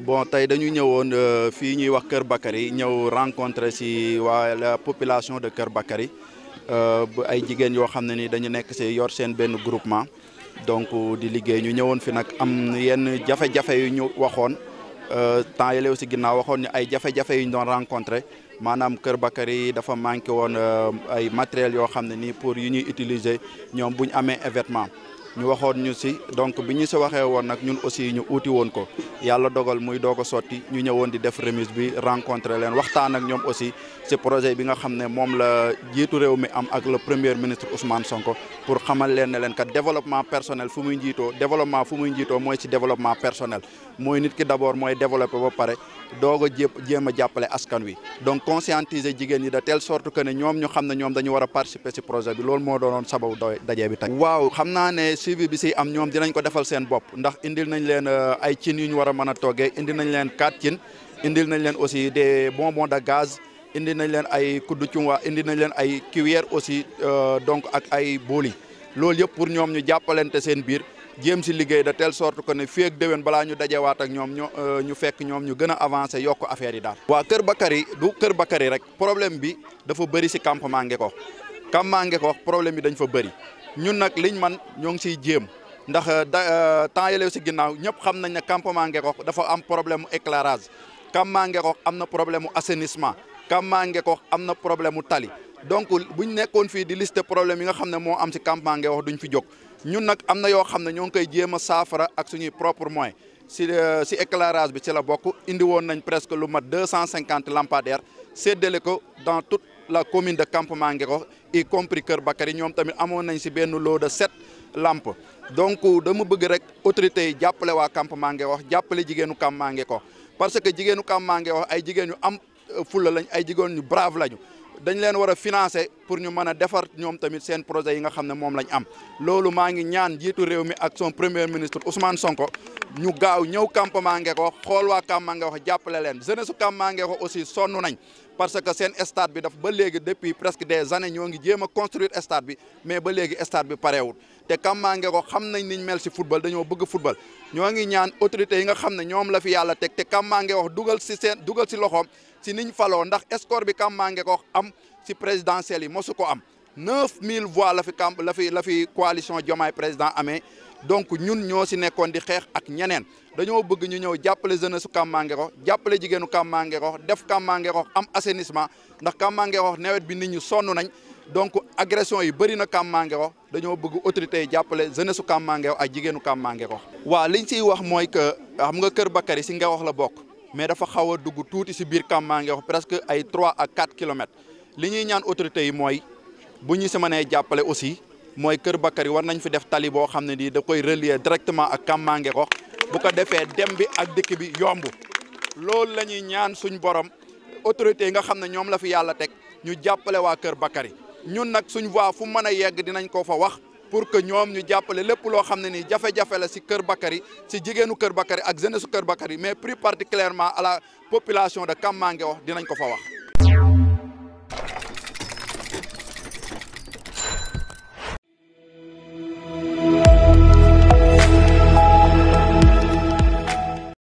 bon tay dañu ñëwoon euh, fi ñuy wax Kër Bakary ñëw rencontrer ci wa la population de Kër Bakary euh, bu ay jigen yo xamné ni dañu nekk ci yor seen ben groupement donc di liggéey ñu ñëwoon fi nak am yenn jafé jafé yu ñu waxoon euh, temps yële aussi ginnaw waxoon ñu ay jafé jafé yu ñu doon rencontrer manam Kër Bakary dafa manqué won ay matériel yo xamné ni pour yu ñuy utiliser ñom buñ amé amee événement ñu waxoon ñu si donc bi ñu si waxee woon nag ñun aussi ñu uuti woon ko yàlla dogal muy doog a sotti ñu ñëwoon di def remise bi rencontré leen waxtaan ak ñoom aussi si projet bi nga xam ne moom la jiitu réew mi am ak le premier ministre Ousmane Sonko pour xamal leen ne leen kat développement personnel fu muy njiitoo développement fu muy njiitoo mooy si développement personnel mooy nit ki d'abord mooy développé ba pare doog a jéem a jàppale askan wi donc conscientiser jigéen ñi de telle sorte que ne ñoom ñu xam ne ñoom dañu war a participer si projet bi loolu moo doonoon sababu dajee bi tey waaw suivi bi si am ñoom dinañ ko defal seen bopp ndax indi nañ leen euh, ay cin yu ñu war a mën a toggee indi nañ leen quatre cin indil nañ leen aussi des bonbons de gaz indi nañ leen ay kuddu cumwa indi nañ leen ay cuillère aussi euh, donc ak ay booli loolu yëpp pour ñoom ñu jàppalante seen biir jéem si liggéey de telle sorte que ne fii ak déwén balaa ñu dajewaat ak ñoom ñoo euh, ñu fekk ñoom ñu gën a avancé yokk affaire yi daal. waa Kër Bakary du Kër Bakary rek problème bi dafa bëri si campement Ngeko campement Ngeko problème bi dañ fa bëri. ñun nag liñ man ñoo ngi siy jéem ndax euh, da euh, temps yële si ginnaaw ñëpp xam nañ ne campement Ngekokh dafa am problème mu éclairage campement Ngekokh am na problème mu assainissement campement Ngekokh am na problème mu tali donc buñ nekkoon fii di liste problème yi nga xam ne moo am si campement Ngekokh duñ fi jóg ñun nag am na yoo xam ne ñoo ngi koy jéem a saafara ak suñuy propre moyen si euh, si éclairage bi ci la bokk indi woon nañ presque lu mat deux cent cinquante lampadaires séddale ko dans toute la commune de Campement Ngeko y compris Kër Bakary ñoom tamit amoon nañ si benn lot de sept lampes donc dama bëgg rek autorités yi jàppale waa Campement Ngeko jàppale jigéenu Campement Ngeko parce que jigéenu Campement Ngeko ay jigéen ñu am euh, fulla lañ ay jigéen ñu brave lañu. dañu leen war a financer pour ñu mën a defar ñoom tamit seen projet yi nga xam ne moom lañ am loolu maa ngi ñaan jiitu réew mi ak son premier ministre Ousmane Sonko ñu gaaw ñëw Camp ko xool waa Camp Manguekho jàppale leen jeunesse su Camp ko aussi sonn nañ parce que seen stade bi daf ba léegi depuis presque des années ñoo ngi jéem a construire stade bi mais ba léegi stade bi pareewul te Kambangue ko xam nañ niñ mel si football dañoo bëgg football ñoo ngi ñaan autorités yi nga xam ne ñoom la fi yàlla teg te Kambangue ko dugal si seen dugal si loxoom si niñ faloo ndax score bi Kambangue ko am si présidentielle yi mosu ko am 9000 voix la fi kam la fi la fi coalition Diomaye président amee donc ñun ñoo si nekkoon di xeex ak ñeneen dañoo bëgg ñu ñëw jàppale jeunesse su Kambangue ko jàppale jigéenu Kambangue ko def Kambangue ko am assainissement ndax Kambangue ko nawet bi nit ñu sonn nañ. donc agression yi bëri na Kam Mangero dañoo bëgg autorité yi jàppale jeunesse su Kam ay ak jigéenu Kam Mangero. waaw liñ siy wax mooy que xam nga Kër bakkari si Ngerox la bokk mais dafa xaw a dugg tuuti si biir Kam Mangero presque ay 3 à 4 kilomètres li ñuy ñaan autorité yi mooy bu ñu si mënee jàppale aussi mooy Kër Bakary war nañ fi def tali boo xam ne nii da koy relier directement ak kàmmaange ko bu ko defee dem bi ak dikk bi yomb loolu la ñuy ñaan suñ borom autorité yi nga xam ne ñoom la fi yàlla teg ñu jàppale waa Kër Bakary. ñun nag suñ voix fu mën a yegg dinañ ko fa wax pour que ñoom ñu jàppale lépp loo xam ne ni jafe-jafe la si Kër Bakary si jigéenu Kër Bakary ak jeunesse su Kër Bakary mais plus particulièrement à la population de Kàmmange wax dinañ ko fa wax